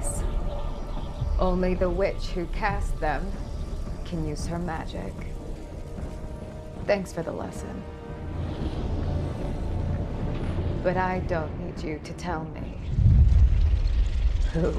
place. Only the witch who cast them can use her magic. Thanks for the lesson. But I don't need you to tell me who